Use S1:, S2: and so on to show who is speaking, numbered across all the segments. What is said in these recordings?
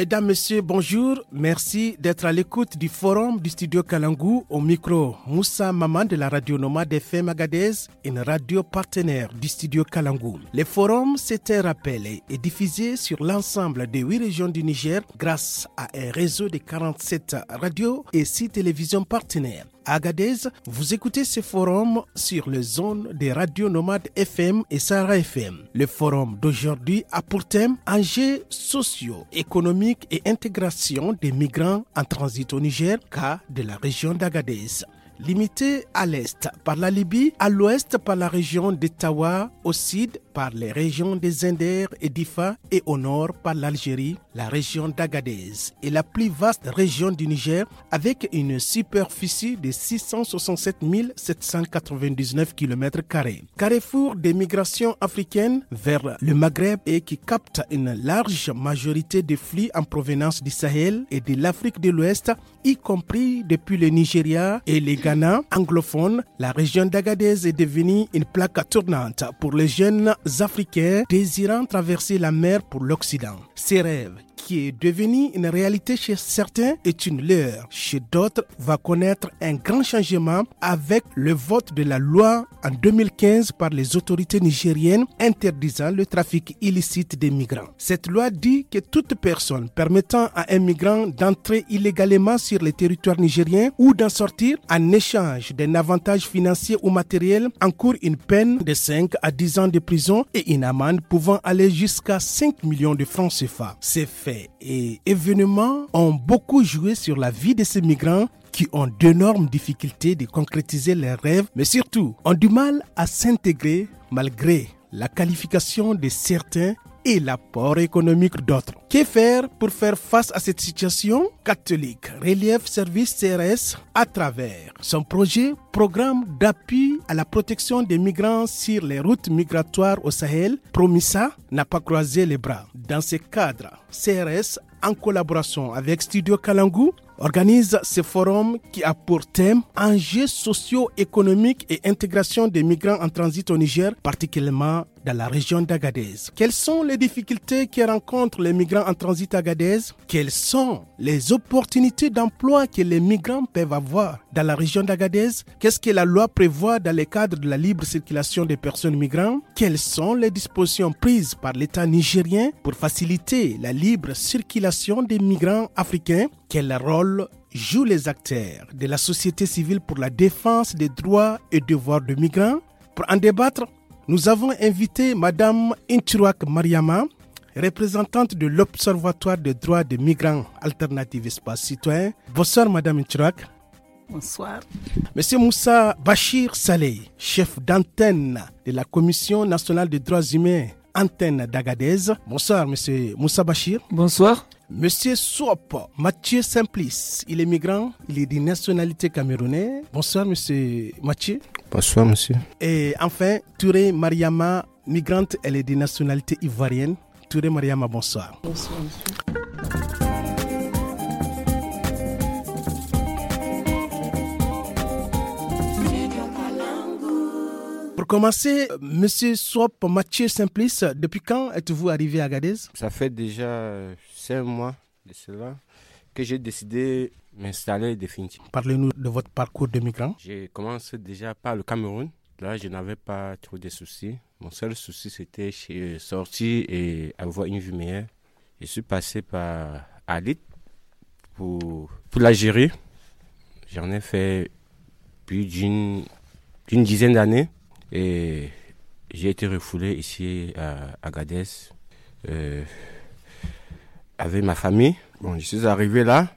S1: Mesdames, Messieurs, bonjour. Merci d'être à l'écoute du forum du studio Kalangou au micro. Moussa Maman de la radio Nomade FM Agadez, une radio partenaire du studio Kalangou. Le forum s'est rappelé et diffusé sur l'ensemble des huit régions du Niger grâce à un réseau de 47 radios et six télévisions partenaires. Agadez, vous écoutez ce forum sur les zones des radios nomades FM et Sahara FM. Le forum d'aujourd'hui a pour thème enjeux sociaux, économiques et intégration des migrants en transit au Niger, cas de la région d'Agadez limité à l'est par la Libye, à l'ouest par la région d'Etawa, au sud par les régions des Zinder et d'Ifa et au nord par l'Algérie, la région d'Agadez et la plus vaste région du Niger avec une superficie de 667 799 km. Carrefour des migrations africaines vers le Maghreb et qui capte une large majorité des flux en provenance du Sahel et de l'Afrique de l'Ouest, y compris depuis le Nigeria et les Ghana anglophone, la région d'Agadez est devenue une plaque tournante pour les jeunes Africains désirant traverser la mer pour l'Occident. Ces rêves qui est devenue une réalité chez certains est une leurre. Chez d'autres, va connaître un grand changement avec le vote de la loi en 2015 par les autorités nigériennes interdisant le trafic illicite des migrants. Cette loi dit que toute personne permettant à un migrant d'entrer illégalement sur les territoires nigériens ou d'en sortir en échange d'un avantage financier ou matériel encourt une peine de 5 à 10 ans de prison et une amende pouvant aller jusqu'à 5 millions de francs CFA. C'est fait et événements ont beaucoup joué sur la vie de ces migrants qui ont d'énormes difficultés de concrétiser leurs rêves, mais surtout ont du mal à s'intégrer malgré la qualification de certains et l'apport économique d'autres. Que faire pour faire face à cette situation Catholique Relief Service CRS à travers son projet Programme d'appui à la protection des migrants sur les routes migratoires au Sahel, Promissa n'a pas croisé les bras. Dans ce cadre, CRS, en collaboration avec Studio Kalangu, organise ce forum qui a pour thème enjeux socio-économiques et intégration des migrants en transit au Niger, particulièrement dans la région d'Agadez. Quelles sont les difficultés que rencontrent les migrants en transit à Agadez Quelles sont les opportunités d'emploi que les migrants peuvent avoir dans la région d'Agadez Qu'est-ce que la loi prévoit dans le cadre de la libre circulation des personnes migrantes Quelles sont les dispositions prises par l'État nigérien pour faciliter la libre circulation des migrants africains Quel rôle jouent les acteurs de la société civile pour la défense des droits et devoirs des migrants Pour en débattre, nous avons invité Madame Inchirouak Mariama, représentante de l'Observatoire des droits des migrants alternatifs espace citoyens. Bonsoir Madame Inchouak. Bonsoir. Monsieur Moussa Bachir Saleh, chef d'antenne de la Commission nationale des droits humains, antenne d'Agadez. Bonsoir, monsieur Moussa Bachir. Bonsoir. Monsieur Swap, Mathieu Simplice, il est migrant, il est de nationalité camerounaise. Bonsoir, monsieur Mathieu.
S2: Bonsoir, monsieur.
S1: Et enfin, Touré Mariama, migrante, elle est de nationalité ivoirienne. Touré Mariama, bonsoir.
S3: Bonsoir, monsieur.
S1: Pour commencer, Monsieur Swap Mathieu Simplice, depuis quand êtes-vous arrivé à Gadez
S2: Ça fait déjà cinq mois de cela que j'ai décidé m'installer définitivement.
S1: Parlez-nous de votre parcours de migrant.
S2: J'ai commencé déjà par le Cameroun. Là, je n'avais pas trop de soucis. Mon seul souci, c'était sortir et avoir une vue meilleure. Je suis passé par Alit pour, pour l'Algérie. J'en ai fait plus d'une dizaine d'années. Et j'ai été refoulé ici à Agadez euh, avec ma famille. Bon, je suis arrivé là.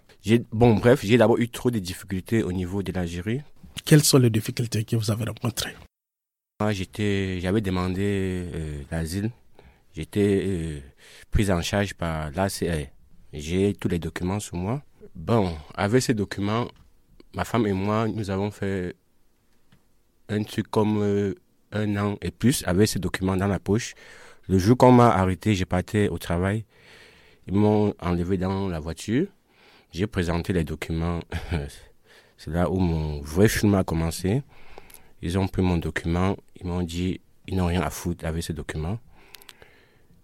S2: Bon, bref, j'ai d'abord eu trop de difficultés au niveau de l'Algérie.
S1: Quelles sont les difficultés que vous avez rencontrées
S2: j'étais, j'avais demandé euh, l'asile. J'étais euh, prise en charge par l'ACA. E. J'ai tous les documents sur moi. Bon, avec ces documents, ma femme et moi, nous avons fait un truc comme euh, un an et plus avec ces documents dans la poche. Le jour qu'on m'a arrêté, j'ai partais au travail. Ils m'ont enlevé dans la voiture. J'ai présenté les documents. C'est là où mon vrai film a commencé. Ils ont pris mon document. Ils m'ont dit ils n'ont rien à foutre avec ces documents.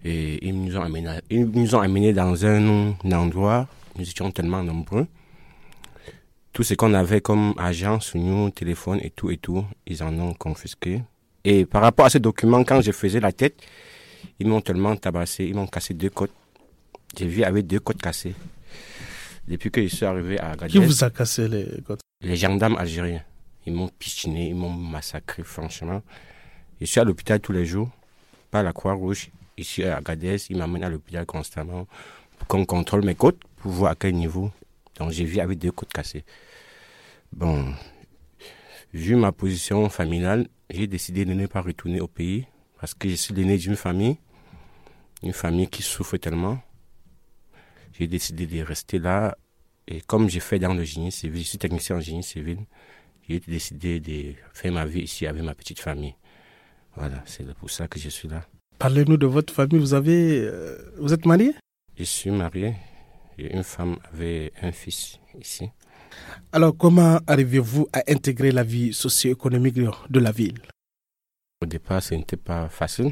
S2: Et ils nous ont amenés, dans un, endroit. Nous étions tellement nombreux. Tout ce qu'on avait comme agent sous nous, téléphone et tout et tout, ils en ont confisqué. Et par rapport à ces documents, quand je faisais la tête, ils m'ont tellement tabassé, ils m'ont cassé deux côtes. J'ai vu avec deux côtes cassées. Depuis que je suis arrivé à Agadez. Qui vous
S1: a cassé les côtes
S2: Les gendarmes algériens. Ils m'ont pistiné, ils m'ont massacré, franchement. Je suis à l'hôpital tous les jours, à la Croix-Rouge. Ici à Agadez, ils m'amènent à l'hôpital constamment pour qu'on contrôle mes côtes, pour voir à quel niveau. Donc j'ai vu avec deux côtes cassées. Bon, vu ma position familiale, j'ai décidé de ne pas retourner au pays parce que je suis l'aîné d'une famille, une famille qui souffre tellement. J'ai décidé de rester là. Et comme j'ai fait dans le génie civil, je suis technicien en génie civil, j'ai décidé de faire ma vie ici avec ma petite famille. Voilà, c'est pour ça que je suis là.
S1: Parlez-nous de votre famille. Vous avez, euh, vous êtes marié
S2: Je suis marié. J'ai une femme avec un fils ici.
S1: Alors, comment arrivez-vous à intégrer la vie socio-économique de la ville
S2: Au départ, ce n'était pas facile,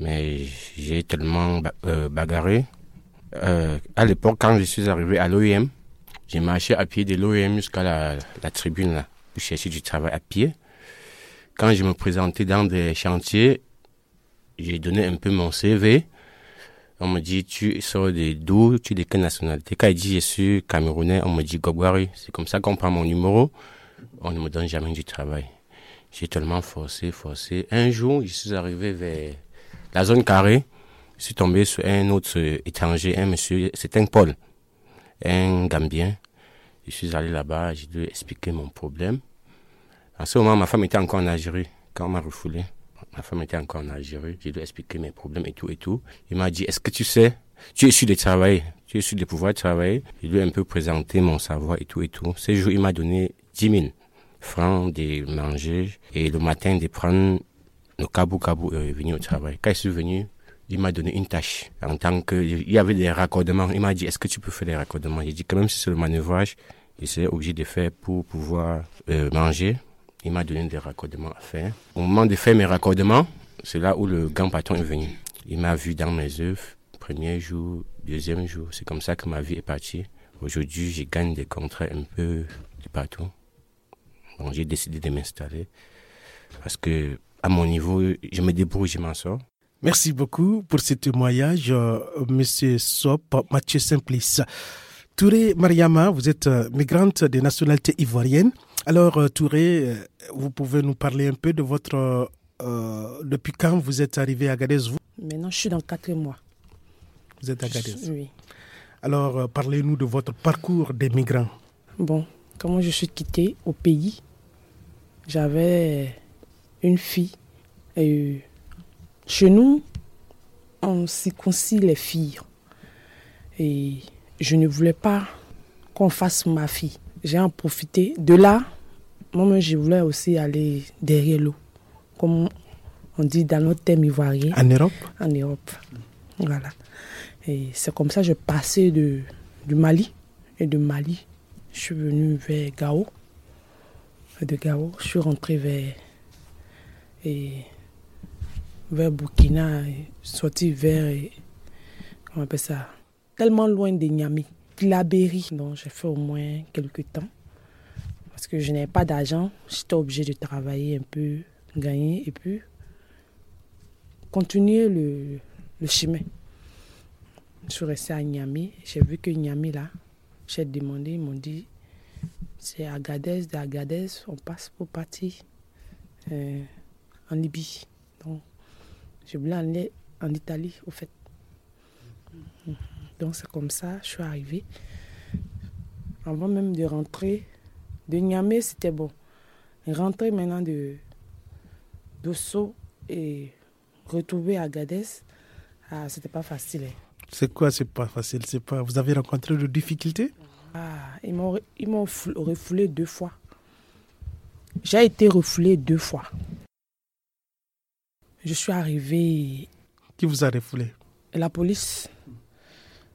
S2: mais j'ai tellement euh, bagarré euh, à l'époque, quand je suis arrivé à l'OEM, j'ai marché à pied de l'OEM jusqu'à la, tribune là, pour chercher du travail à pied. Quand je me présentais dans des chantiers, j'ai donné un peu mon CV. On me dit, tu sors de d'où, tu de quelle nationalité Quand il dit, je suis camerounais, on me dit, Gogwari. C'est comme ça qu'on prend mon numéro. On ne me donne jamais du travail. J'ai tellement forcé, forcé. Un jour, je suis arrivé vers la zone carrée. Je suis tombé sur un autre étranger, un monsieur, c'est un Paul, un Gambien. Je suis allé là-bas, j'ai dû expliquer mon problème. À ce moment, ma femme était encore en Algérie quand on m'a refoulé. Ma femme était encore en Algérie, j'ai dû expliquer mes problèmes et tout et tout. Il m'a dit, est-ce que tu sais, tu es sûr de travailler, tu es sûr de pouvoir travailler. Je lui ai un peu présenté mon savoir et tout et tout. Ce jour, il m'a donné 10 000 francs de manger et le matin de prendre le cabou kabou et revenir au travail. Quand je suis venu, il m'a donné une tâche. En tant que, il y avait des raccordements. Il m'a dit, est-ce que tu peux faire des raccordements? J'ai dit, quand même, si c'est le manœuvrage, il obligé de faire pour pouvoir euh, manger. Il m'a donné des raccordements à faire. Au moment de faire mes raccordements, c'est là où le grand patron est venu. Il m'a vu dans mes œufs, premier jour, deuxième jour. C'est comme ça que ma vie est partie. Aujourd'hui, je gagne des contrats un peu de partout. Bon, j'ai décidé de m'installer parce que, à mon niveau, je me débrouille, je m'en sors.
S1: Merci beaucoup pour ce témoignage, euh, Monsieur Sop, Mathieu Simplice. Touré Mariama, vous êtes euh, migrante de nationalité ivoirienne. Alors, euh, Touré, vous pouvez nous parler un peu de votre. depuis quand vous êtes arrivé à Gadez, vous Maintenant, je suis dans quatre mois. Vous êtes à Gadez Oui. Alors, parlez-nous de votre parcours des migrants.
S4: Bon, comment je suis quittée au pays J'avais une fille et chez nous, on concile les filles. Et je ne voulais pas qu'on fasse ma fille. J'ai en profité. De là, moi même je voulais aussi aller derrière l'eau. Comme on dit dans notre thème ivoirien. En Europe En Europe. Voilà. Et c'est comme ça que je passais de, du Mali. Et de Mali, je suis venu vers Gao. Et de Gao, je suis rentré vers et vers Burkina, sorti vers, comment on appelle ça, tellement loin de la Berry. Donc j'ai fait au moins quelques temps. Parce que je n'avais pas d'argent, j'étais obligée de travailler un peu, gagner et puis continuer le, chemin. Je suis restée à Niamey, j'ai vu que Niamey là, j'ai demandé, ils m'ont dit c'est Agadez, de on passe pour partir euh, en Libye. Donc, je voulais aller en Italie, au fait. Donc c'est comme ça, je suis arrivée. Avant même de rentrer, de Niamey, c'était bon. Rentrer maintenant de d'Osso et retrouver à Gades, ah, c'était pas facile. Hein.
S1: C'est quoi, c'est pas facile C'est pas. Vous avez rencontré des difficultés
S4: ah, ils m'ont refoulé deux fois. J'ai été refoulé deux fois.
S1: Je suis arrivée. Qui vous a refoulé La police.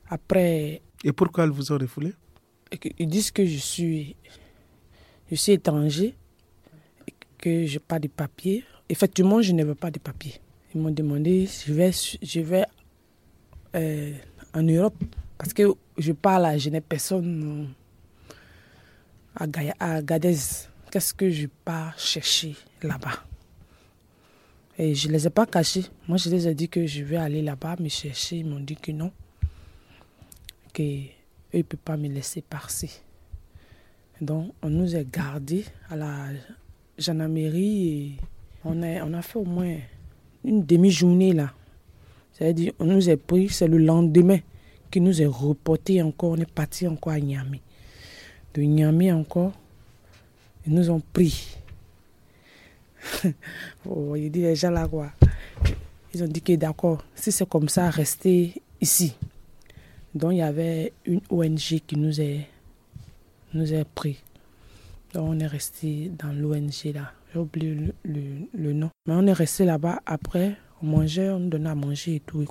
S1: Après. Et pourquoi elle vous a refoulé Ils
S4: disent que je suis, je suis étranger, que je n'ai pas de papier. Effectivement, je n'avais pas de papier. Ils m'ont demandé si je vais, je vais euh, en Europe. Parce que je parle, je n'ai personne euh, à, Gadez. Qu'est-ce que je pas chercher là-bas et je ne les ai pas cachés. Moi, je les ai dit que je vais aller là-bas me chercher. Ils m'ont dit que non. Qu'ils ne peuvent pas me laisser passer. Donc, on nous a gardés à la gendarmerie. Et on, a, on a fait au moins une demi-journée là. C'est-à-dire, on nous a pris, c'est le lendemain qui nous est reporté encore. On est parti encore à Niamey. De Niamey encore, ils nous ont pris vous voyez les gens là Ils ont dit que d'accord, si c'est comme ça, restez ici. Donc il y avait une ONG qui nous a nous est pris. Donc on est resté dans l'ONG là. J'ai oublié le, nom. Mais on est resté là-bas. Après, on mangeait, on nous donnait à manger et tout et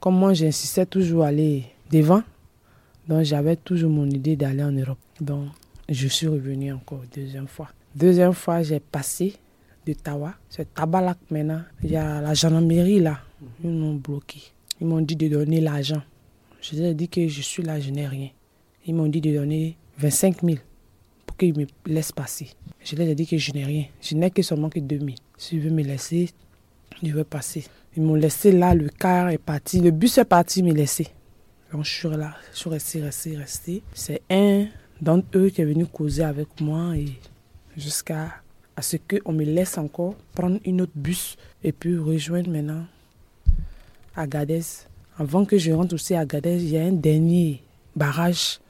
S4: Comme moi, j'insistais toujours à aller devant. Donc j'avais toujours mon idée d'aller en Europe. Donc je suis revenu encore deuxième fois. Deuxième fois, j'ai passé de Tawa. C'est tabac maintenant, il y a la gendarmerie là. Ils m'ont bloqué. Ils m'ont dit de donner l'argent. Je leur ai dit que je suis là, je n'ai rien. Ils m'ont dit de donner 25 000 pour qu'ils me laissent passer. Je leur ai dit que je n'ai rien. Je n'ai que seulement que 2 000. Si vous me laisser, je veux passer. Ils m'ont laissé là, le car est parti, le bus est parti, mais laisser. Donc je suis là, je suis resté, resté, resté. C'est un d'entre eux qui est venu causer avec moi et jusqu'à à ce qu'on me laisse encore prendre une autre bus et puis rejoindre maintenant Agadez. Avant que je rentre aussi à Agadez, il y a un dernier barrage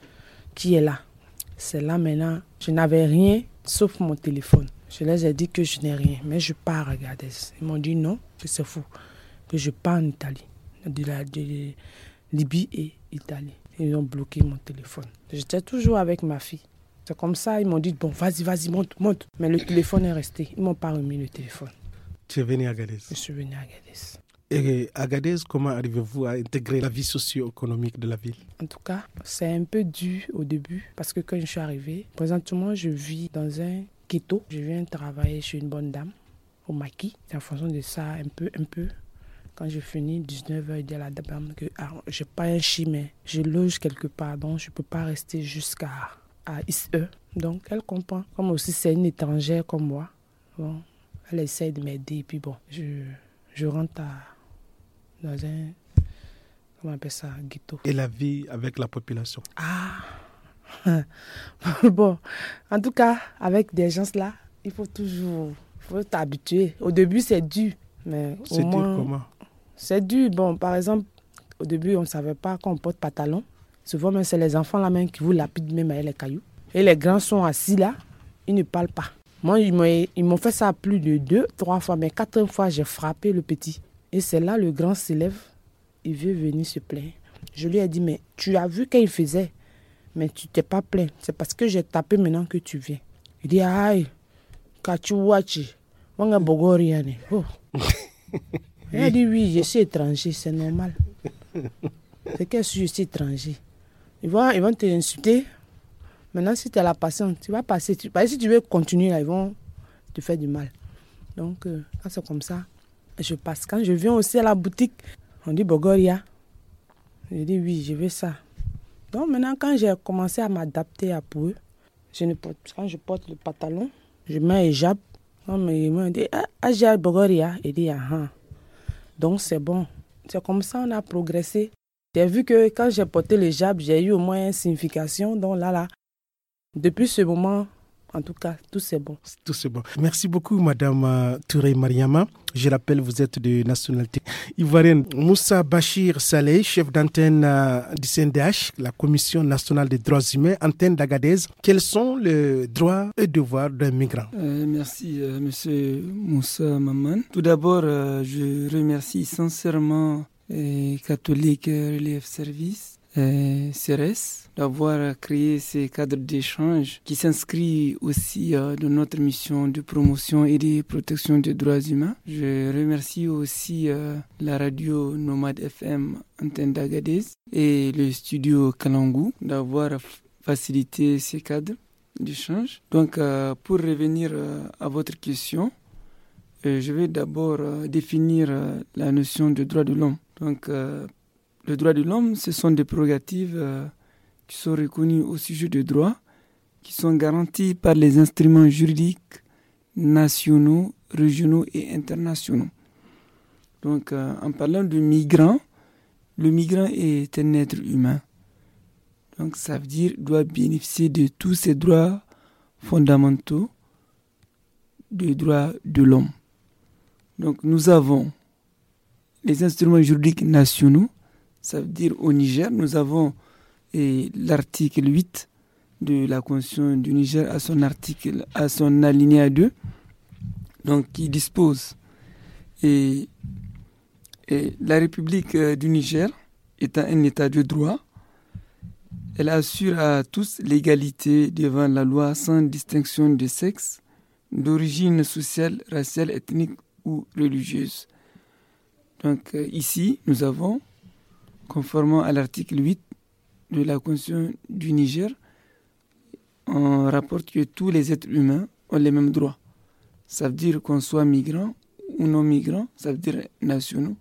S4: qui est là. C'est là maintenant, je n'avais rien sauf mon téléphone. Je leur ai dit que je n'ai rien, mais je pars à Agadez. Ils m'ont dit non, que c'est fou, que je pars en Italie, de, la, de Libye et Italie. Ils ont bloqué mon téléphone. J'étais toujours avec ma fille. C'est comme ça, ils m'ont dit, bon, vas-y, vas-y, monte, monte. Mais le téléphone est resté. Ils m'ont pas remis le téléphone.
S1: Tu es venu à Agadez Je suis venu à Agadez. Et euh, Agadez, comment arrivez-vous à intégrer la vie socio-économique de la ville
S4: En tout cas, c'est un peu dur au début parce que quand je suis arrivé, présentement, je vis dans un ghetto. Je viens travailler chez une bonne dame au maquis. C'est en fonction de ça, un peu, un peu. Quand je finis 19h, de la dame que ah, je n'ai pas un chien, je loge quelque part, donc je ne peux pas rester jusqu'à à ISE. Donc, elle comprend. Comme aussi, c'est une étrangère comme moi. Bon, elle essaie de m'aider. Puis bon, je, je rentre dans un. Comment on appelle ça Ghetto. Et la
S1: vie avec la population
S4: Ah Bon, en tout cas, avec des gens là, il faut toujours. faut t'habituer. Au début, c'est dur. Mais c'est dur comment C'est dur. Bon, par exemple, au début, on ne savait pas qu'on porte pantalon. Souvent, c'est les enfants là même qui vous lapident même avec les cailloux. Et les grands sont assis là, ils ne parlent pas. Moi, ils m'ont fait ça plus de deux, trois fois, mais quatre fois, j'ai frappé le petit. Et c'est là, le grand s'élève, il veut venir se plaindre. Je lui ai dit, mais tu as vu qu'il faisait, mais tu t'es pas plaint. C'est parce que j'ai tapé maintenant que tu viens. Il dit, aïe, kachuwachi, wanga bogoriane. Oh. Il a dit, oui, je suis étranger, c'est normal. C'est que je suis étranger. Ils vont, ils vont te insulter. Maintenant, si tu as la patience, tu vas passer. Tu, si tu veux continuer, ils vont te faire du mal. Donc, euh, c'est comme ça, je passe. Quand je viens aussi à la boutique, on dit Bogoria. Je dis oui, je veux ça. Donc maintenant, quand j'ai commencé à m'adapter à pour eux, je ne porte, quand je porte le pantalon, je mets un jab. Ils me dit, ah, ah Bogoria. Il dit, ah, ah, Donc c'est bon. C'est comme ça on a progressé. J'ai vu que quand j'ai porté les jab, j'ai eu au moins une signification. Donc là, là, depuis ce moment, en tout cas, tout c'est bon.
S1: Tout c'est bon. Merci beaucoup, Madame euh, Touré Mariama. Je rappelle, vous êtes de nationalité ivoirienne. Moussa Bachir Saleh, chef d'antenne euh, du CNDH, la Commission nationale des droits humains, antenne d'Agadez. Quels sont les droits et devoirs d'un migrant
S5: euh, Merci, M. Monsieur Moussa Maman. Tout d'abord, je remercie sincèrement et catholique euh, Relief Service, et euh, CRS, d'avoir créé ces cadres d'échange qui s'inscrit aussi euh, dans notre mission de promotion et de protection des droits humains. Je remercie aussi la radio Nomade FM Antenne d'Agadez et le studio Kalangu d'avoir facilité ces cadres d'échange. Donc, pour revenir à votre question, je vais d'abord définir la notion de droit de l'homme. Donc, euh, le droit de l'homme, ce sont des prérogatives euh, qui sont reconnues au sujet des droits, qui sont garanties par les instruments juridiques nationaux, régionaux et internationaux. Donc, euh, en parlant de migrant, le migrant est un être humain. Donc, ça veut dire qu'il doit bénéficier de tous ses droits fondamentaux, des droits de l'homme. Donc, nous avons les instruments juridiques nationaux, ça veut dire au Niger, nous avons l'article 8 de la Constitution du Niger à son article, à son alinéa 2, donc qui dispose et, et la République euh, du Niger étant un État de droit, elle assure à tous l'égalité devant la loi sans distinction de sexe, d'origine sociale, raciale, ethnique ou religieuse. Donc euh, ici, nous avons, conformément à l'article 8 de la Constitution du Niger, on rapporte que tous les êtres humains ont les mêmes droits. Ça veut dire qu'on soit migrant ou non migrant, ça veut dire nationaux.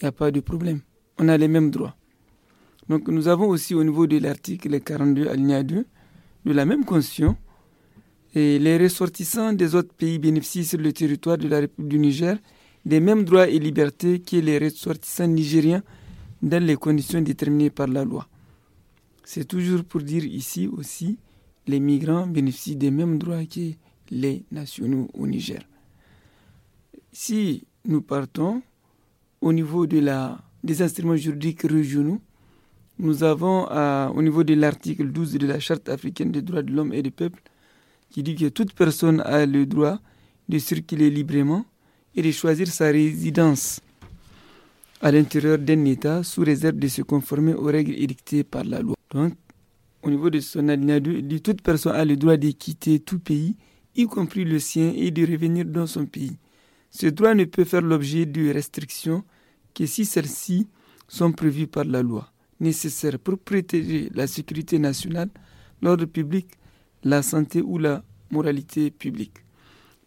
S5: Il n'y a pas de problème. On a les mêmes droits. Donc nous avons aussi au niveau de l'article 42 alinéa 2 de la même Constitution, et les ressortissants des autres pays bénéficient sur le territoire de la République du Niger des mêmes droits et libertés que les ressortissants nigériens dans les conditions déterminées par la loi. C'est toujours pour dire ici aussi, les migrants bénéficient des mêmes droits que les nationaux au Niger. Si nous partons au niveau de la, des instruments juridiques régionaux, nous avons euh, au niveau de l'article 12 de la Charte africaine des droits de l'homme et des peuples qui dit que toute personne a le droit de circuler librement et de choisir sa résidence à l'intérieur d'un État sous réserve de se conformer aux règles édictées par la loi. Donc, au niveau de son alinéa toute personne a le droit de quitter tout pays, y compris le sien, et de revenir dans son pays. Ce droit ne peut faire l'objet de restrictions que si celles-ci sont prévues par la loi, nécessaires pour protéger la sécurité nationale, l'ordre public, la santé ou la moralité publique.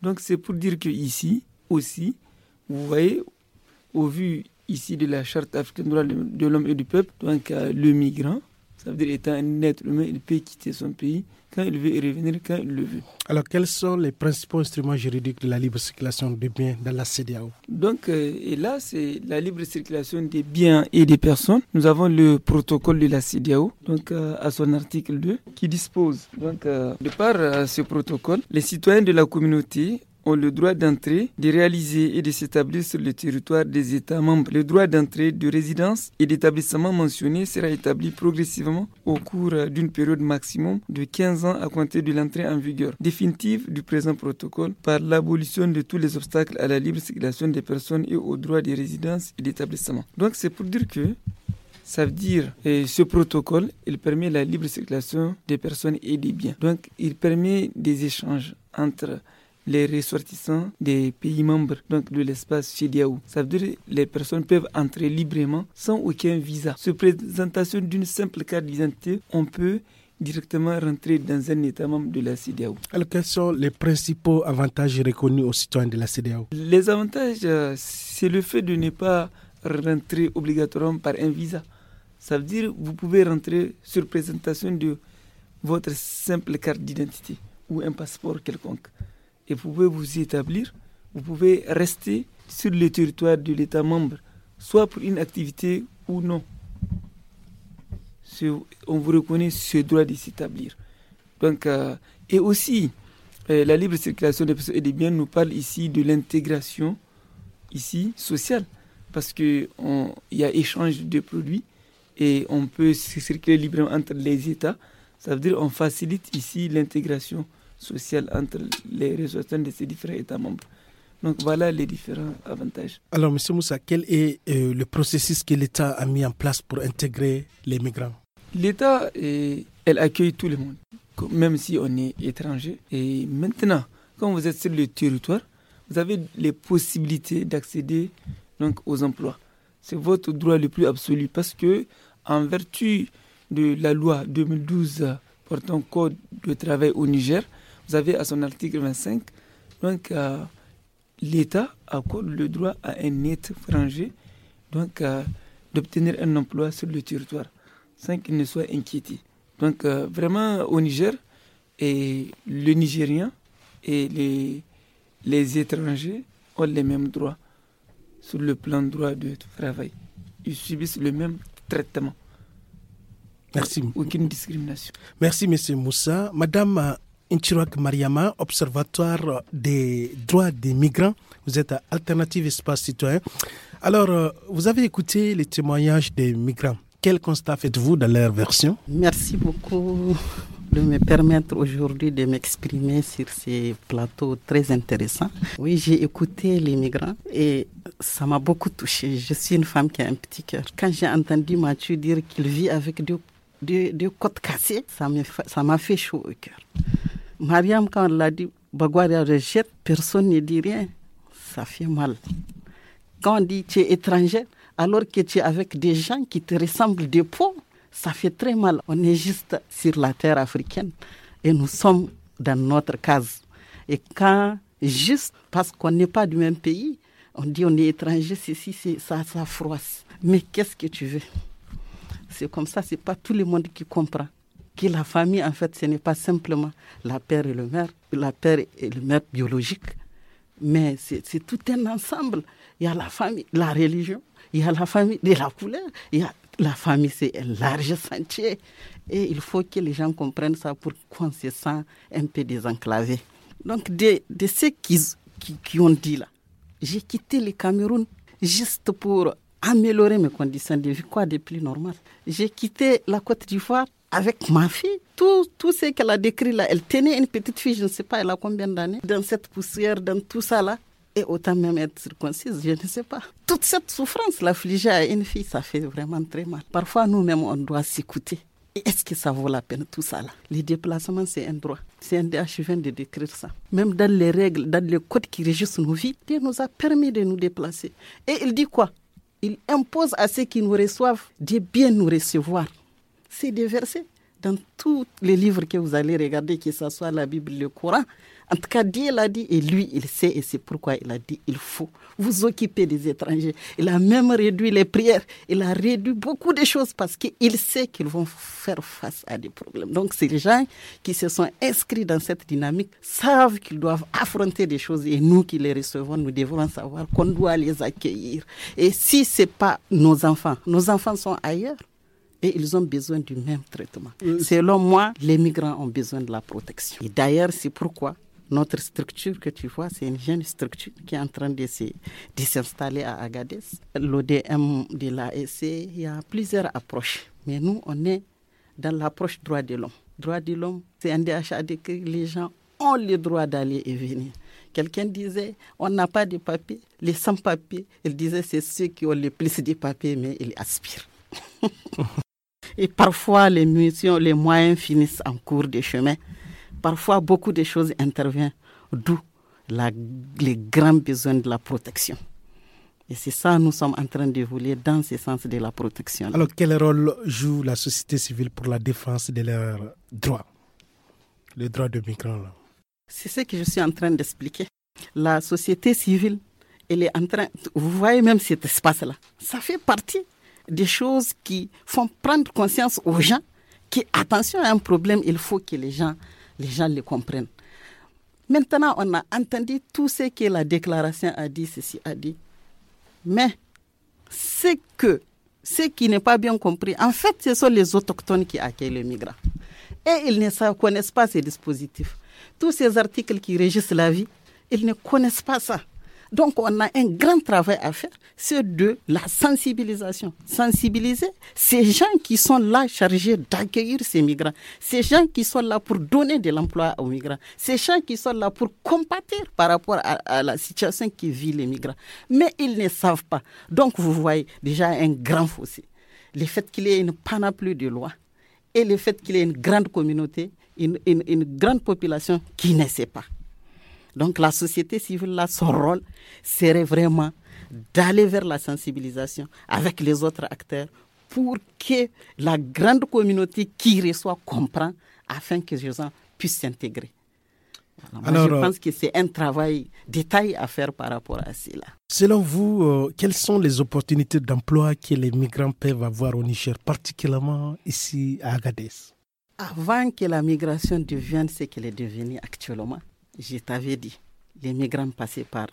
S5: Donc c'est pour dire que ici, aussi, vous voyez, au vu ici de la charte africaine de l'homme et du peuple, donc le migrant, ça veut dire étant un être humain, il peut quitter son pays quand il veut et revenir quand il le veut.
S1: Alors quels sont les principaux instruments juridiques de la libre
S5: circulation des biens dans la CDAO Donc euh, et là c'est la libre circulation des biens et des personnes. Nous avons le protocole de la CDAO, donc euh, à son article 2, qui dispose donc euh, de par ce protocole, les citoyens de la communauté ont le droit d'entrée, de réaliser et de s'établir sur le territoire des États membres. Le droit d'entrée, de résidence et d'établissement mentionné sera établi progressivement au cours d'une période maximum de 15 ans à compter de l'entrée en vigueur définitive du présent protocole par l'abolition de tous les obstacles à la libre circulation des personnes et aux droits de résidence et d'établissement. Donc c'est pour dire que ça veut dire euh, ce protocole, il permet la libre circulation des personnes et des biens. Donc il permet des échanges entre les ressortissants des pays membres donc de l'espace CEDEAO. Ça veut dire les personnes peuvent entrer librement sans aucun visa. Sur présentation d'une simple carte d'identité, on peut directement rentrer dans un État membre de la CDAO.
S1: Alors, quels sont les principaux avantages reconnus aux citoyens de la CDAO
S5: Les avantages, euh, c'est le fait de ne pas rentrer obligatoirement par un visa. Ça veut dire que vous pouvez rentrer sur présentation de votre simple carte d'identité ou un passeport quelconque et vous pouvez vous y établir, vous pouvez rester sur le territoire de l'État membre, soit pour une activité ou non. On vous reconnaît ce droit de s'établir. Donc, euh, et aussi, euh, la libre circulation des personnes et des biens nous parle ici de l'intégration ici sociale, parce qu'il y a échange de produits et on peut circuler librement entre les États. Ça veut dire on facilite ici l'intégration sociale entre les ressortissants de ces différents États membres. Donc voilà les différents avantages.
S1: Alors, M. Moussa, quel est euh, le processus que l'État a mis en place pour intégrer les migrants
S5: L'État, elle accueille tout le monde, même si on est étranger. Et maintenant, quand vous êtes sur le territoire, vous avez les possibilités d'accéder donc aux emplois. C'est votre droit le plus absolu parce que, en vertu de la loi 2012 portant code de travail au Niger, vous avez à son article 25, donc euh, l'État accorde le droit à un étranger donc euh, d'obtenir un emploi sur le territoire sans qu'il ne soit inquiété. Donc euh, vraiment au Niger et le Nigérien et les, les étrangers ont les mêmes droits sur le plan droit de travail. Ils subissent le même traitement.
S1: Merci. Aucune discrimination. Merci, M. Moussa. Madame Inchirak Mariama, Observatoire des droits des migrants. Vous êtes à Alternative Espace Citoyen. Alors, euh, vous avez écouté les témoignages des migrants. Quel constat faites-vous dans leur version
S3: Merci beaucoup de me permettre aujourd'hui de m'exprimer sur ces plateaux très intéressants. Oui, j'ai écouté les migrants et ça m'a beaucoup touchée. Je suis une femme qui a un petit cœur. Quand j'ai entendu Mathieu dire qu'il vit avec deux, deux, deux côtes cassées, ça m'a fait chaud au cœur. Mariam, quand on l'a dit, rejette, personne ne dit rien. Ça fait mal. Quand on dit tu es étranger, alors que tu es avec des gens qui te ressemblent de peau, ça fait très mal. On est juste sur la terre africaine et nous sommes dans notre case. Et quand, juste parce qu'on n'est pas du même pays, on dit on est étranger, c'est c'est ça, ça froisse. Mais qu'est-ce que tu veux C'est comme ça, c'est pas tout le monde qui comprend que la famille, en fait, ce n'est pas simplement la père et le maire, la père et le maire biologique, mais c'est tout un ensemble. Il y a la famille, la religion, il y a la famille de la couleur, il y a la famille, c'est un large sentier. Et il faut que les gens comprennent ça pour qu'on se sent un peu désenclavé. Donc, de, ceux ce qui, ont dit là, j'ai quitté le Cameroun juste pour améliorer mes conditions de vie, quoi de plus normal. J'ai quitté la Côte d'Ivoire avec ma fille. Tout, ce qu'elle a décrit là, elle tenait une petite fille, je ne sais pas, elle a combien d'années, dans cette poussière, dans tout ça là. Et autant même être circoncise, je ne sais pas. Toute cette souffrance, l'affliger à une fille, ça fait vraiment très mal. Parfois, nous-mêmes, on doit s'écouter. Est-ce que ça vaut la peine tout ça là Les déplacements, c'est un droit. C'est un dh de décrire ça. Même dans les règles, dans les codes qui régissent nos vies, Dieu nous a permis de nous déplacer. Et il dit quoi Il impose à ceux qui nous reçoivent de bien nous recevoir c'est des versets. Dans tous les livres que vous allez regarder, que ce soit la Bible, le Coran, en tout cas, Dieu l'a dit et lui, il sait et c'est pourquoi il a dit il faut vous occuper des étrangers. Il a même réduit les prières, il a réduit beaucoup de choses parce qu'il sait qu'ils vont faire face à des problèmes. Donc, ces gens qui se sont inscrits dans cette dynamique savent qu'ils doivent affronter des choses et nous qui les recevons, nous devons savoir qu'on doit les accueillir. Et si ce n'est pas nos enfants, nos enfants sont ailleurs et ils ont besoin du même traitement. Euh, Selon moi, les migrants ont besoin de la protection. Et d'ailleurs, c'est pourquoi notre structure que tu vois, c'est une jeune structure qui est en train de s'installer à Agadez. L'ODM de l'AEC, il y a plusieurs approches. Mais nous, on est dans l'approche droit de l'homme. Droit de l'homme, c'est un DHAD que les gens ont le droit d'aller et venir. Quelqu'un disait, on n'a pas de papiers, Les sans-papiers, il disait, c'est ceux qui ont le plus de papiers, mais ils aspirent. Et parfois, les munitions, les moyens finissent en cours de chemin. Parfois, beaucoup de choses interviennent, d'où les grands besoins de la protection. Et c'est ça, nous sommes en train de d'évoluer dans ce sens de la protection. Alors,
S1: quel rôle joue la société civile pour la défense de leurs droits, les droits de migrants
S3: C'est ce que je suis en train d'expliquer. La société civile, elle est en train. Vous voyez même cet espace-là. Ça fait partie des choses qui font prendre conscience aux gens qu'attention à un problème, il faut que les gens, les gens le comprennent. Maintenant, on a entendu tout ce que la déclaration a dit, ceci a dit. Mais c'est que ce qui n'est pas bien compris, en fait, ce sont les autochtones qui accueillent les migrants. Et ils ne connaissent pas ces dispositifs. Tous ces articles qui régissent la vie, ils ne connaissent pas ça. Donc, on a un grand travail à faire, c'est de la sensibilisation. Sensibiliser ces gens qui sont là chargés d'accueillir ces migrants, ces gens qui sont là pour donner de l'emploi aux migrants, ces gens qui sont là pour compatir par rapport à, la situation qui vit les migrants. Mais ils ne savent pas. Donc, vous voyez déjà un grand fossé. Le fait qu'il y ait une panoplie de lois et le fait qu'il y ait une grande communauté, une, une grande population qui ne sait pas. Donc la société civile, là, son rôle serait vraiment d'aller vers la sensibilisation avec les autres acteurs pour que la grande communauté qui reçoit comprenne, afin que les gens puissent s'intégrer. je euh, pense que c'est un travail détail à faire par rapport à cela.
S1: Selon vous, euh, quelles sont les opportunités d'emploi que les migrants peuvent avoir au Niger, particulièrement ici à Agadez
S3: Avant que la migration devienne ce qu'elle est devenue actuellement, je t'avais dit, les migrants passaient par,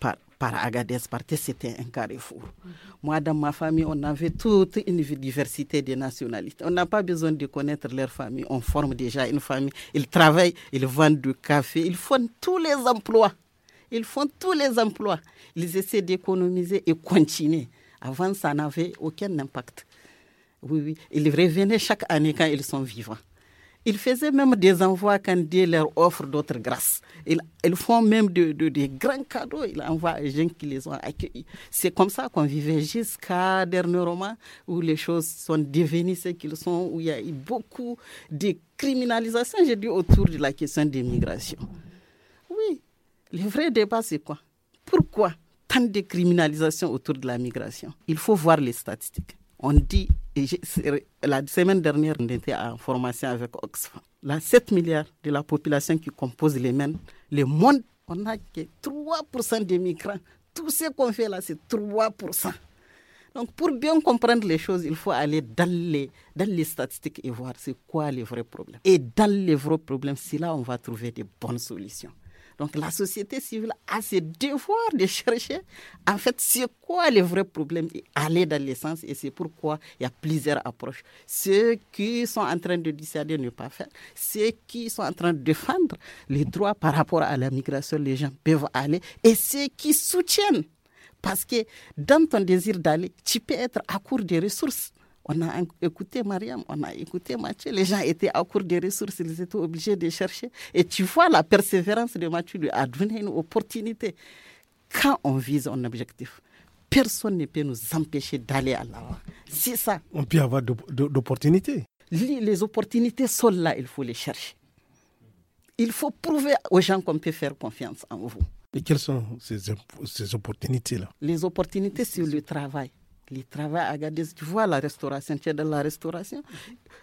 S3: par, par Agadez, parce que c'était un carrefour. Mhm. Moi, dans ma famille, on avait toute une diversité de nationalités. On n'a pas besoin de connaître leur famille. On forme déjà une famille. Ils travaillent, ils vendent du café, ils font tous les emplois. Ils font tous les emplois. Ils essaient d'économiser et continuer. Avant, ça n'avait aucun impact. Oui, oui. Ils revenaient chaque année quand ils sont vivants. Ils faisaient même des envois quand Dieu leur offre d'autres grâces. Ils, ils font même de, des grands cadeaux. Ils envoient les gens qui les ont accueillis. C'est comme ça qu'on vivait jusqu'à dernier moment, où les choses sont devenues ce qu'elles sont, où il y a eu beaucoup de criminalisation, j'ai dit, autour de la question des migrations. Oui, le vrai débat, c'est quoi Pourquoi tant de criminalisation autour de la migration Il faut voir les statistiques. On dit la semaine dernière, on était en formation avec Oxfam. La 7 milliards de la population qui compose les mêmes, le monde, on n'a que 3% des migrants. Tout ce qu'on fait là, c'est 3%. Donc, pour bien comprendre les choses, il faut aller dans les, les statistiques et voir c'est quoi les vrais problèmes. Et dans les vrais problèmes, c'est là on va trouver des bonnes solutions. Donc la société civile a ses devoirs de chercher en fait c'est quoi les vrais problèmes et aller dans l'essence et c'est pourquoi il y a plusieurs approches. Ceux qui sont en train de de ne pas faire, ceux qui sont en train de défendre les droits par rapport à la migration, les gens peuvent aller et ceux qui soutiennent parce que dans ton désir d'aller, tu peux être à court des ressources. On a écouté Mariam, on a écouté Mathieu. Les gens étaient à court des ressources, ils étaient obligés de chercher. Et tu vois, la persévérance de Mathieu lui a donné une opportunité. Quand on vise un objectif, personne ne peut nous empêcher d'aller à l'avant. C'est ça. On peut avoir d'opportunités. Les, opportunités sont là, il faut les chercher. Il faut prouver aux gens qu'on peut faire confiance en vous. Et quelles sont
S1: ces, ces opportunités-là
S3: Les opportunités sur le travail les travail à Gadez, tu vois la restauration, tu es dans la restauration.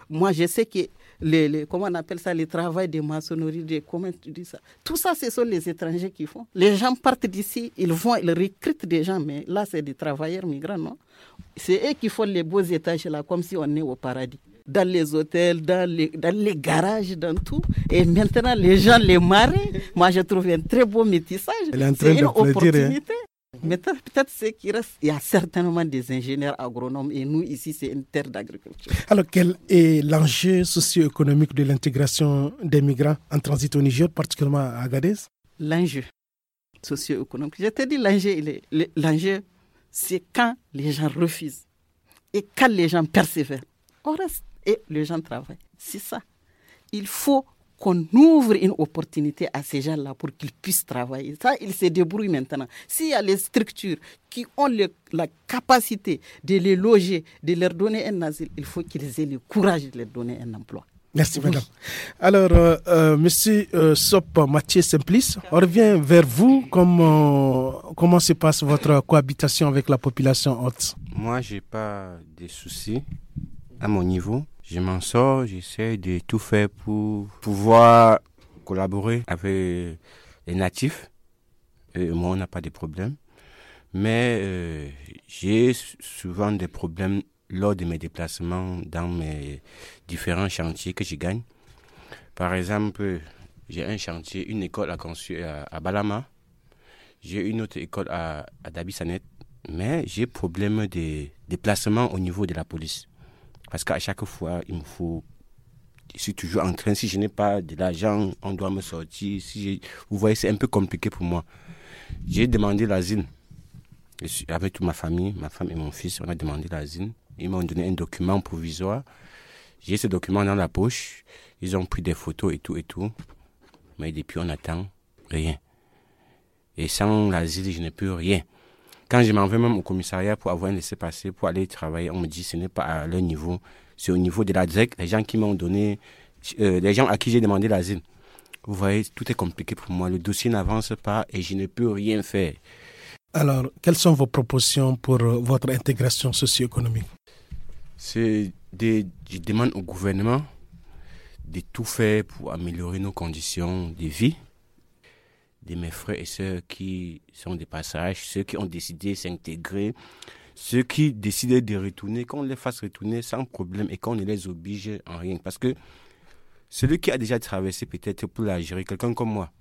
S3: Moi, je sais que, les, comment on appelle ça, les travail de maçonnerie, de, comment tu dis ça. Tout ça, ce sont les étrangers qui font. Les gens partent d'ici, ils vont, ils recrutent des gens, mais là, c'est des travailleurs migrants, non C'est eux qui font les beaux étages là, comme si on est au paradis dans les hôtels, dans les, garages, dans tout. Et maintenant, les gens les marient. Moi, je trouve un très beau métissage. C'est une hein. opportunité. Mais peut-être c'est qu'il reste, il y a certainement des ingénieurs agronomes et nous ici c'est une terre d'agriculture.
S1: Alors quel est l'enjeu socio-économique de l'intégration des migrants en transit au Niger, particulièrement à Agadez
S3: L'enjeu socio-économique, je te dit l'enjeu, l'enjeu c'est quand les gens refusent et quand les gens persévèrent, on reste et les gens travaillent. C'est ça. Il faut qu'on ouvre une opportunité à ces gens-là pour qu'ils puissent travailler. Ça, ils se débrouillent maintenant. S'il y a les structures qui ont la capacité de les loger, de leur donner un asile, il faut qu'ils aient le courage de leur donner un emploi.
S1: Merci, madame. Alors, euh, euh, monsieur euh, Sop Mathieu Simplice, on revient vers vous. Comment, comment se passe votre cohabitation avec la population haute
S2: Moi, je n'ai pas de soucis à mon niveau je m'en sors, j'essaie de tout faire pour pouvoir collaborer avec les natifs. moi, on n'a pas de problème. Mais euh, j'ai souvent des problèmes lors de mes déplacements dans mes différents chantiers que je gagne. Par exemple, j'ai un chantier, une école à construire à, Balama. J'ai une autre école à, à Dabisanet. Mais j'ai problème de déplacement au niveau de la police. Parce qu'à chaque fois, il me faut. Je suis toujours en train, si je n'ai pas de l'argent, on doit me sortir. Si je... Vous voyez, c'est un peu compliqué pour moi. J'ai demandé l'asile. Avec toute ma famille, ma femme et mon fils, on a demandé l'asile. Ils m'ont donné un document provisoire. J'ai ce document dans la poche. Ils ont pris des photos et tout et tout. Mais depuis, on attend rien. Et sans l'asile, je n'ai plus rien. Quand je m'en vais même au commissariat pour avoir un laissez-passer, pour aller travailler, on me dit ce n'est pas à leur niveau. C'est au niveau de la ZEC. les gens qui m'ont donné, euh, les gens à qui j'ai demandé l'asile. Vous voyez, tout est compliqué pour moi. Le dossier n'avance pas et je ne peux rien faire.
S1: Alors, quelles sont vos propositions pour euh, votre intégration socio-économique
S2: je demande au gouvernement de tout faire pour améliorer nos conditions de vie de mes frères et sœurs qui sont des passages ceux qui ont décidé de s'intégrer, ceux qui décidaient de retourner, qu'on les fasse retourner sans problème et qu'on ne les oblige en rien. Parce que celui qui a déjà traversé peut-être pour l'Algérie, quelqu'un comme moi,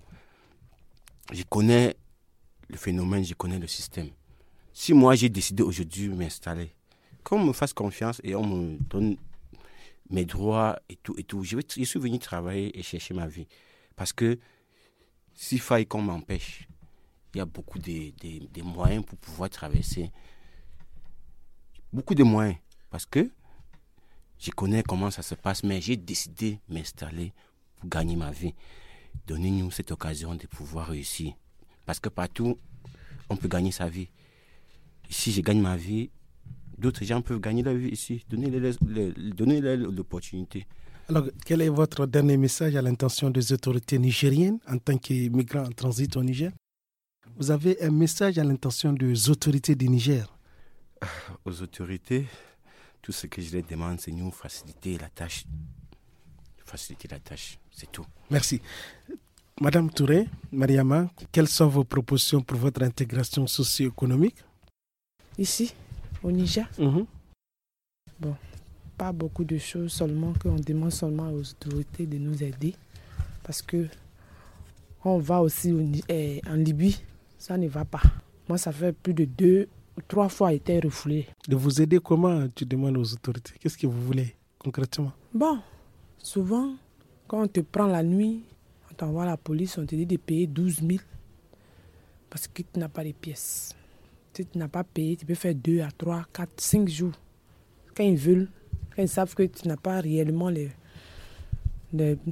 S2: je connais le phénomène, je connais le système. Si moi j'ai décidé aujourd'hui de m'installer, qu'on me fasse confiance et on me donne mes droits et tout, et tout, je, je suis venu travailler et chercher ma vie. Parce que s'il faille qu'on m'empêche, il y a beaucoup de, moyens pour pouvoir traverser. Beaucoup de moyens. Parce que je connais comment ça se passe, mais j'ai décidé de m'installer pour gagner ma vie. Donnez-nous cette occasion de pouvoir réussir. Parce que partout, on peut gagner sa vie. Si je gagne ma vie, d'autres gens peuvent gagner leur vie ici. Donnez-leur l'opportunité.
S1: Alors, quel est votre dernier message à l'intention des autorités nigériennes en tant que en transit au Niger Vous avez un message à l'intention des autorités du Niger
S2: Aux autorités, tout ce que je leur demande, c'est nous faciliter la tâche. Faciliter la tâche, c'est tout.
S1: Merci. Madame Touré, Mariama, quelles sont vos propositions pour votre intégration socio-économique Ici, au Niger mm-hmm.
S4: Bon, pas beaucoup de choses, seulement qu'on demande seulement aux autorités de nous aider. Parce que on va aussi eh, en Libye, ça ne va pas. Moi, ça fait plus de deux ou trois fois été refoulé.
S1: De vous aider comment tu demandes aux autorités Qu'est-ce que vous voulez concrètement
S4: Bon, souvent, quand on te prend la nuit, on t'envoie la police, on te dit de payer 12 000 parce que tu n'as pas les pièces. tu n'as pas payé, tu peux faire deux à trois, quatre, cinq jours. Quand ils veulent, elles savent que tu n'as pas réellement les,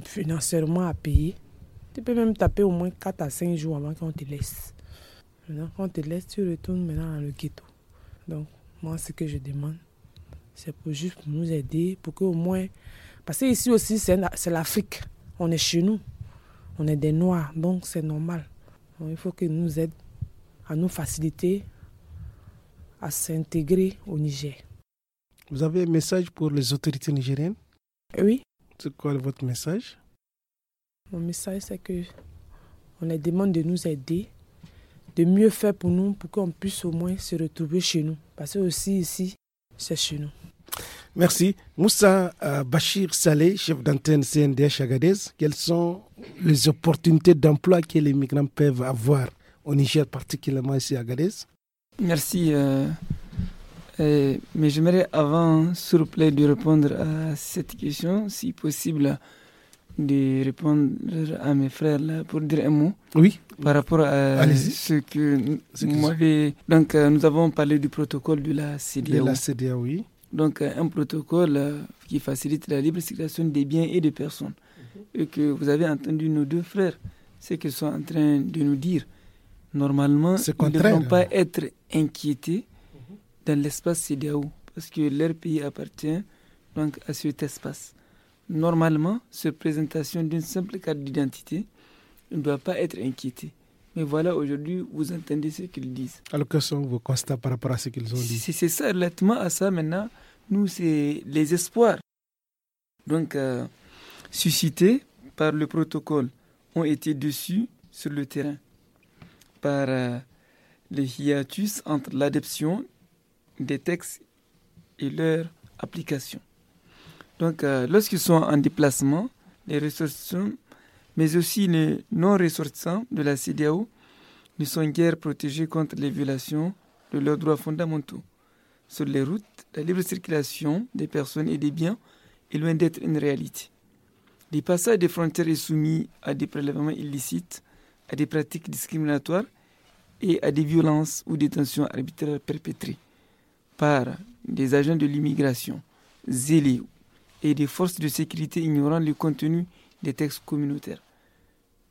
S4: financièrement à payer. Tu peux même taper au moins 4 à 5 jours avant qu'on te laisse. Maintenant, quand on te laisse, tu retournes maintenant dans le ghetto. Donc, moi, ce que je demande, c'est pour juste nous aider, pour qu'au moins... Parce qu'ici ici aussi, c'est l'Afrique. On est chez nous. On est des Noirs, donc c'est normal. il faut qu'ils nous aident
S1: à nous faciliter à s'intégrer au Niger. Vous avez un message pour les autorités nigériennes Oui. C'est quoi votre message Mon message, c'est que on les demande de nous aider, de
S4: mieux faire pour nous, pour qu'on puisse au moins se retrouver chez nous. Parce que aussi ici, c'est chez nous.
S1: Merci. Moussa euh, Bachir Saleh, chef d'antenne CNDH Agadez, quelles sont les opportunités d'emploi que les migrants peuvent avoir au Niger,
S5: particulièrement ici à Agadez Merci. Euh, euh, mais j'aimerais avant, s'il vous plaît, de répondre à cette question, si possible, de répondre à mes frères pour dire un mot. Oui. Par rapport à ce que, Donc, euh, nous avons parlé du protocole de la CDA. De la oui. Donc, euh, un protocole qui facilite la libre circulation des biens et des personnes. Mhm. Et que vous avez entendu nos deux frères, ce qu'ils sont en train de nous dire. Normalement, ils ne devons pas être inquiétés dans l'espace CDAO, parce que leur pays appartient donc à cet espace. Normalement, sur présentation d'une simple carte d'identité ne doit pas être inquiétée. Mais voilà, aujourd'hui, vous entendez ce qu'ils disent. Alors, quels sont vos constats par rapport à ce qu'ils ont dit C'est ça, relativement à ça, maintenant, nous, c'est les espoirs. Donc, euh, suscités par le protocole, ont été dessus sur le terrain par euh, le hiatus entre l'adoption des textes et leur application. Donc, euh, lorsqu'ils sont en déplacement, les ressortissants, mais aussi les non-ressortissants de la CDAO, ne sont guère protégés contre les violations de leurs droits fondamentaux. Sur les routes, la libre circulation des personnes et des biens est loin d'être une réalité. Les passages des frontières est soumis à des prélèvements illicites, à des pratiques discriminatoires et à des violences ou détentions arbitraires perpétrées par des agents de l'immigration zélés et des forces de sécurité ignorant le contenu des textes communautaires.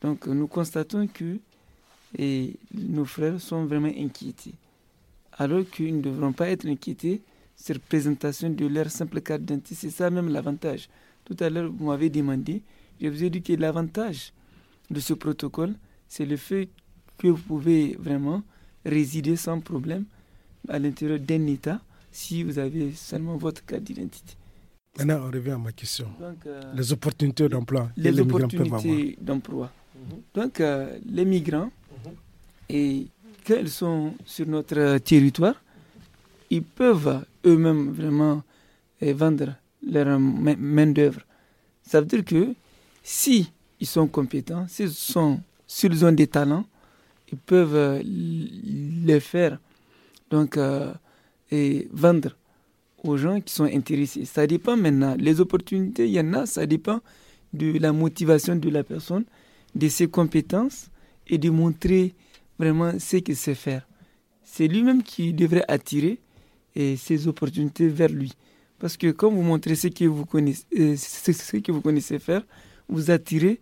S5: Donc nous constatons que nos frères sont vraiment inquiétés, alors qu'ils ne devront pas être inquiétés sur présentation de leur simple carte d'identité. C'est ça même l'avantage. Tout à l'heure, vous m'avez demandé, je vous ai dit que l'avantage de ce protocole, c'est le fait que vous pouvez vraiment résider sans problème à l'intérieur d'un État si vous avez seulement votre carte d'identité. Maintenant,
S1: on revient à ma question. Euh, les opportunités d'emploi. Les, opportunités
S5: d'emploi. Donc, les migrants, mm et sont sur notre territoire, ils peuvent eux-mêmes vraiment euh, vendre leur main-d'œuvre. Ça veut dire que si ils sont compétents, s'ils sont, ont des talents, ils peuvent les faire donc, euh, vendre aux gens qui sont intéressés. Ça dépend maintenant. Les opportunités, il y en a, ça dépend de la motivation de la personne, de ses compétences et de montrer vraiment ce qu'il sait faire. C'est lui-même qui devrait attirer et ses opportunités vers lui. Parce que quand vous montrez ce que vous connaissez, euh, ce que vous connaissez faire, vous attirez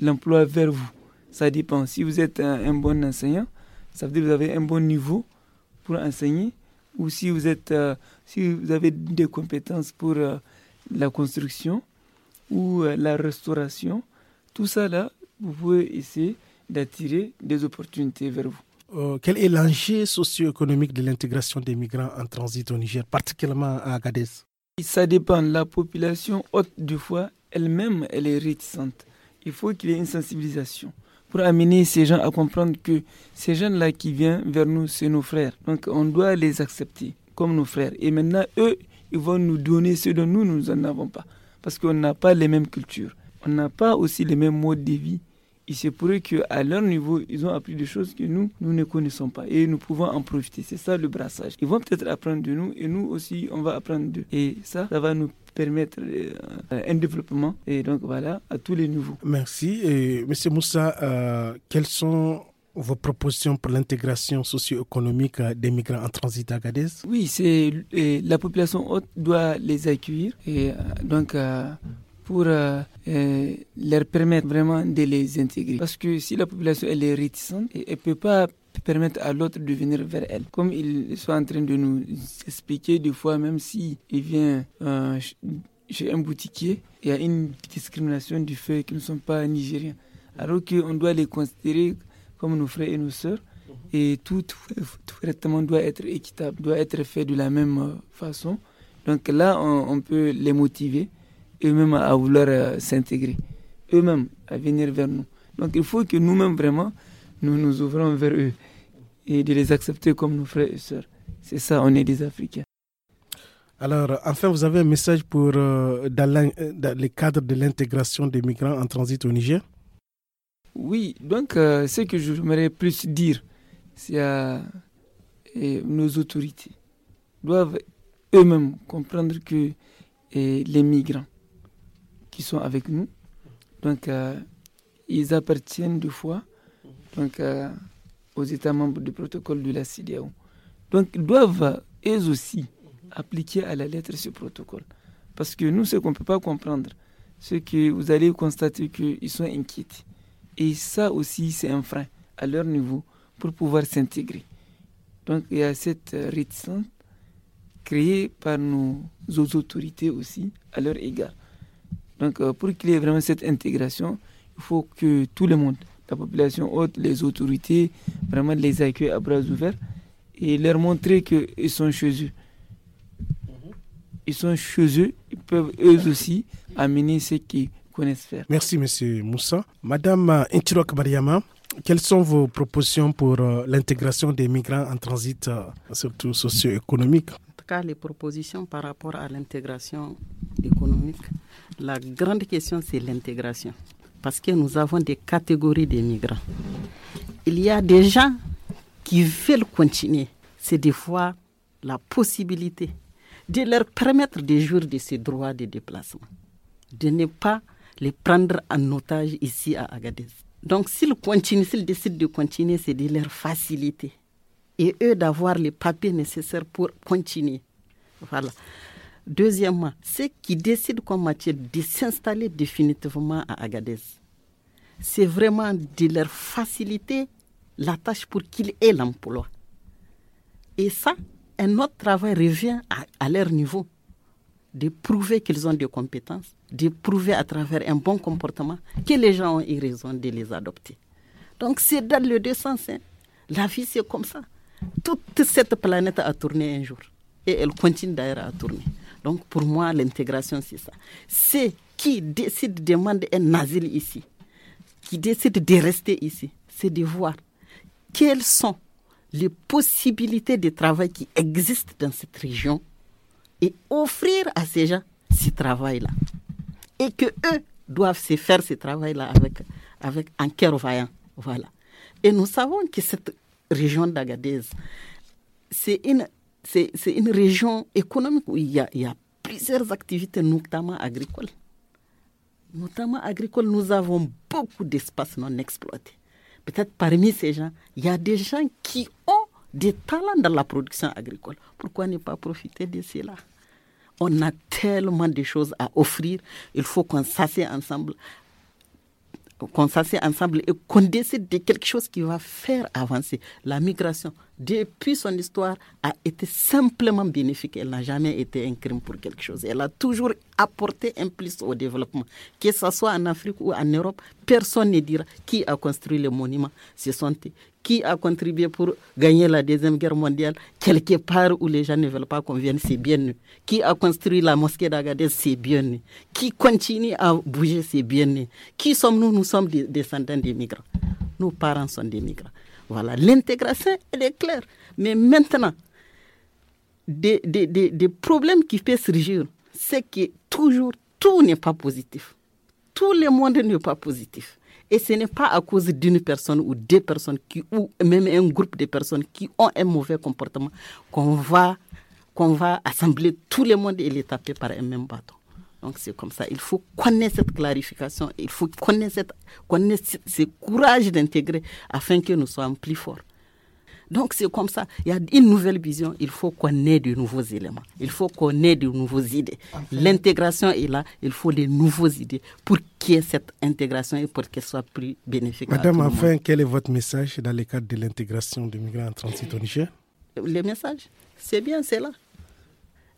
S5: l'emploi vers vous. Ça dépend. Si vous êtes un, un bon enseignant, ça veut dire que vous avez un bon niveau pour enseigner ou si vous, êtes, euh, si vous avez des compétences pour euh, la construction ou euh, la restauration, tout ça là, vous pouvez essayer d'attirer des opportunités vers vous.
S1: quel est l'enjeu socio-économique de l'intégration des migrants en transit au Niger, particulièrement à Agadez
S5: Ça dépend. La population haute du foie, elle-même, elle est réticente. Il faut qu'il y ait une sensibilisation pour amener ces gens à comprendre que ces jeunes-là qui viennent vers nous, c'est nos frères. Donc on doit les accepter comme nos frères. Et maintenant, eux, ils vont nous donner ce dont nous, nous n'en avons pas. Parce qu'on n'a pas les mêmes cultures. On n'a pas aussi les mêmes modes de vie. Il se pourrait eux qu'à leur niveau, ils ont appris des choses que nous, nous ne connaissons pas. Et nous pouvons en profiter. C'est ça le brassage. Ils vont peut-être apprendre de nous et nous aussi, on va apprendre d'eux. Et ça, ça va nous permettre un euh, développement et donc voilà à tous les nouveaux.
S1: Merci et Monsieur Moussa, euh, quelles sont vos propositions pour l'intégration socio-économique euh, des migrants en transit à Gadez
S5: Oui, c'est la population haute doit les accueillir et donc pour leur permettre vraiment de les intégrer. Parce que si la population elle est réticente, elle ne peut pas permettre à l'autre de venir vers elle. Comme ils sont en train de nous expliquer des fois, même si il vient euh, chez un boutiquier, il y a une discrimination du fait qu'ils ne sont pas nigériens. Alors qu'on doit les considérer comme nos frères et nos sœurs. Mhm. Et tout, traitement doit être équitable, doit être fait de la même euh, façon. Donc là, on, peut les motiver eux-mêmes à vouloir euh, s'intégrer, eux-mêmes à venir vers nous. Donc il faut que nous-mêmes, vraiment, nous nous ouvrons vers eux et de les accepter comme nos frères et sœurs. C'est ça, on est des Africains. Alors,
S1: enfin, vous avez un message pour euh, dans, euh, le cadre de l'intégration des migrants en transit au
S5: Niger Oui, donc euh, ce que j'aimerais plus dire, c'est que nos autorités doivent eux-mêmes comprendre que les migrants qui sont avec nous, donc ils appartiennent deux fois donc, euh, aux États membres du protocole de la CDAO. Donc, ils doivent, eux aussi, appliquer à la lettre ce protocole. Parce que nous, ce qu'on ne peut pas comprendre, c'est que vous allez constater qu'ils sont inquiets. Et ça aussi, c'est un frein à leur niveau pour pouvoir s'intégrer. Donc, il y a cette réticence créée par nos autorités aussi à leur égard. Donc, euh, pour qu'il y ait vraiment cette intégration, il faut que tout le monde la population haute, les autorités, vraiment les accueillir à bras ouverts et leur montrer qu'ils sont chez eux. Ils sont chez eux, ils peuvent eux aussi amener ce qu'ils connaissent faire.
S1: Merci, Monsieur Moussa. Madame Intirok Bariama, quelles sont vos propositions pour euh, l'intégration des migrants en transit, euh, surtout socio-économique En
S3: tout cas, les propositions par rapport à l'intégration économique, la grande question, c'est l'intégration parce que nous avons des catégories d'immigrants. Il y a des gens qui veulent continuer, c'est de voir la possibilité de leur permettre de jouir de ces droits de déplacement, de ne pas les prendre en otage ici à Agadez. Donc s'ils continuent, s'ils décident de continuer, c'est de leur faciliter et eux d'avoir les papiers nécessaires pour continuer. Voilà. Deuxièmement, ceux qui décident comme Mathieu de s'installer définitivement à Agadez, c'est vraiment de leur faciliter la tâche pour qu'ils aient l'emploi. Et ça, un autre travail revient à, leur niveau de prouver qu'ils ont des compétences, de prouver à travers un bon comportement que les gens ont eu raison de les adopter. Donc c'est dans le deux sens. Hein. La vie, c'est comme ça. Toute cette planète a tourné un jour. Et elle continue d'ailleurs à tourner. Donc pour moi, l'intégration, c'est ça. C'est qui décide de demander un asile ici, qui décide de rester ici, c'est de voir quelles sont les possibilités de travail qui existent dans cette région et offrir à ces gens ce travail-là. Et que eux doivent se faire ce travail-là avec, avec un cœur vaillant. Voilà. Et nous savons que cette région d'Agadez, c'est une c'est une région économique où il y, a, plusieurs activités, notamment agricoles. Notamment agricoles, nous avons beaucoup d'espaces non exploités. Peut-être parmi ces gens, il y a des gens qui ont des talents dans la production agricole. Pourquoi ne pas profiter de cela On a tellement de choses à offrir. Il faut qu'on s'assied ensemble qu'on s'assied ensemble et qu'on décide de quelque chose qui va faire avancer. La migration, depuis son histoire, a été simplement bénéfique. Elle n'a jamais été un crime pour quelque chose. Elle a toujours apporté un plus au développement. Que ce soit en Afrique ou en Europe, personne ne dira qui a construit le monument. Ce sont qui a contribué pour gagner la Deuxième Guerre mondiale Quelque part où les gens ne veulent pas qu'on vienne, c'est bien nous. Qui a construit la mosquée d'Agadez, c'est bien nous. Qui continue à bouger, c'est bien nous. Qui sommes-nous Nous sommes des descendants des migrants. Nos parents sont des migrants. Voilà, l'intégration, elle est claire. Mais maintenant, des, des problèmes qui peuvent surgir, c'est que toujours tout n'est pas positif. Tout le monde n'est pas positif et ce n'est pas à cause d'une personne ou deux personnes ou même un groupe de personnes qui ont un mauvais comportement qu'on va, qu'on va assembler tout le monde et les taper par un même bâton. Donc c'est comme ça. Il faut connaître cette clarification, il faut connaître, cette, connaître ce courage d'intégrer afin que nous soyons plus forts. Donc c'est comme ça. Il y a une nouvelle vision. Il faut qu'on ait de nouveaux éléments. Il faut qu'on ait de nouvelles idées. L'intégration est là. Il faut des nouvelles idées pour qu'il y ait cette intégration et pour qu'elle soit plus bénéfique. Madame, enfin,
S1: quel est votre message dans le cadre de l'intégration des migrants en
S3: transit au Niger Le message, c'est bien, c'est là.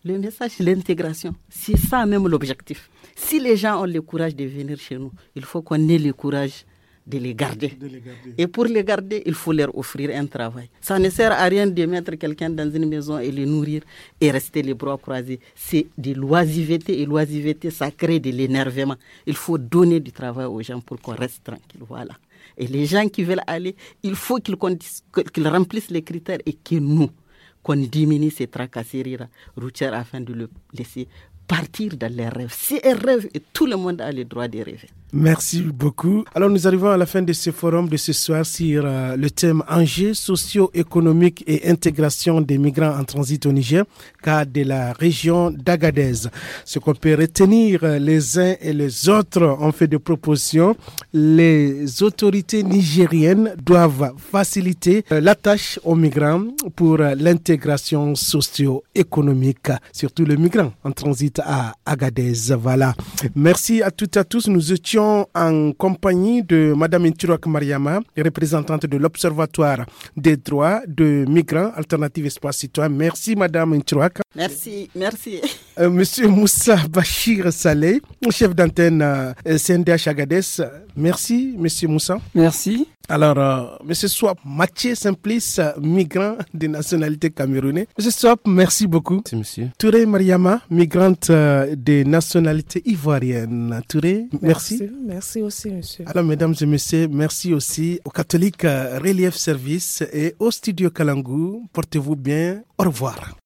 S3: Le message, l'intégration, c'est ça même l'objectif. Si les gens ont le courage de venir chez nous, il faut qu'on ait le courage de les, garder. Et pour les garder, il faut leur offrir un travail. Ça ne sert à rien de mettre quelqu'un dans une maison et les nourrir et rester les bras croisés. C'est de l'oisiveté et l'oisiveté, ça crée de l'énervement. Il faut donner du travail aux gens pour qu'on reste tranquille. Voilà. Et les gens qui veulent aller, il faut qu'ils remplissent les critères et que nous, qu'on diminue ces tracasseries routières afin de le laisser partir dans leurs rêves. C'est un rêve et tout le monde a le droit de rêver.
S1: Merci beaucoup. Alors nous arrivons à la fin de ce forum de ce soir sur euh, le thème enjeux socio-économique et intégration des migrants en transit au Niger, cas de la région d'Agadez. Ce qu'on peut retenir euh, les uns et les autres ont fait des propositions. Les autorités nigériennes doivent faciliter euh, la tâche aux migrants pour l'intégration socio-économique, surtout les migrants en transit à Agadez. Voilà. Merci à toutes et à tous. Nous étions en compagnie de Madame Intiroak Mariama, représentante de l'Observatoire des droits de migrants Alternative Espace Citoyen. Merci Madame Intiroak.
S3: Merci, merci.
S1: Euh, monsieur Moussa Bachir Saleh, chef d'antenne CNDH euh, Agadez. Merci, Monsieur Moussa. Merci. Alors, M. Euh, monsieur Swap, Mathieu Simplice, migrant de nationalité camerounaise. Monsieur Swap, merci beaucoup. Merci, monsieur. Touré Mariama, migrante de nationalité ivoirienne. Touré, merci.
S4: merci. aussi, monsieur. Alors, mesdames
S1: et messieurs, merci aussi aux catholiques Relief Service et au studio Kalangu. Portez-vous bien. Au revoir.